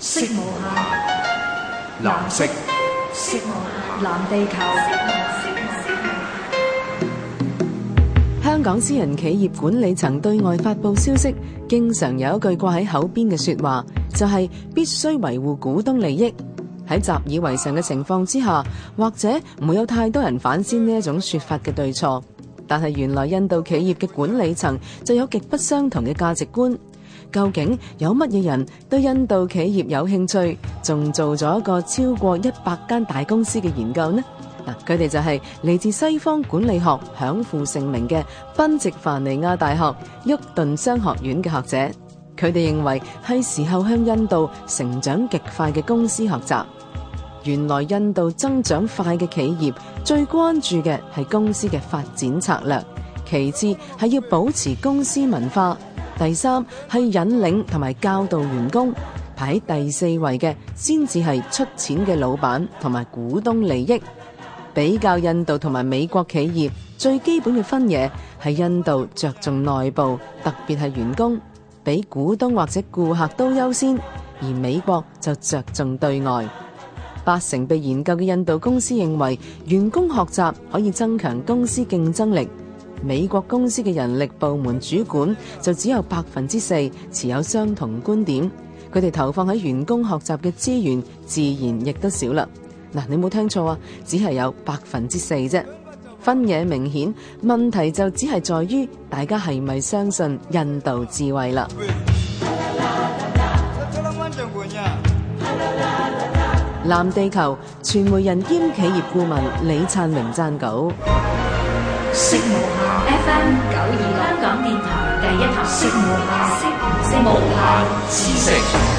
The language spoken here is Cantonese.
色無下藍色，色無限，藍地球。香港私人企業管理層對外發佈消息，經常有一句掛喺口邊嘅說話，就係、是、必須維護股東利益。喺習以為常嘅情況之下，或者唔會有太多人反思呢一種說法嘅對錯。但係原來印度企業嘅管理層就有極不相同嘅價值觀。究竟有乜嘢人對印度企業有興趣？仲做咗一個超過一百間大公司嘅研究呢？嗱，佢哋就係嚟自西方管理學享負盛名嘅賓夕凡尼亞大學沃頓商學院嘅學者。佢哋認為係時候向印度成長極快嘅公司學習。原來印度增長快嘅企業最關注嘅係公司嘅發展策略，其次係要保持公司文化。第三係引領同埋教導員工，排喺第四位嘅先至係出錢嘅老闆同埋股東利益。比較印度同埋美國企業最基本嘅分野係印度着重內部，特別係員工，比股東或者顧客都優先；而美國就着重對外。八成被研究嘅印度公司認為，員工學習可以增強公司競爭力。美國公司嘅人力部門主管就只有百分之四持有相同觀點，佢哋投放喺員工學習嘅資源自然亦都少啦。嗱，你冇聽錯啊，只係有百分之四啫，分野明顯。問題就只係在於大家係咪相信印度智慧啦？藍地球傳媒人兼企業顧問李燦榮撰稿。識無限 FM 九二香港電台第一台，識無限，識識無限知識。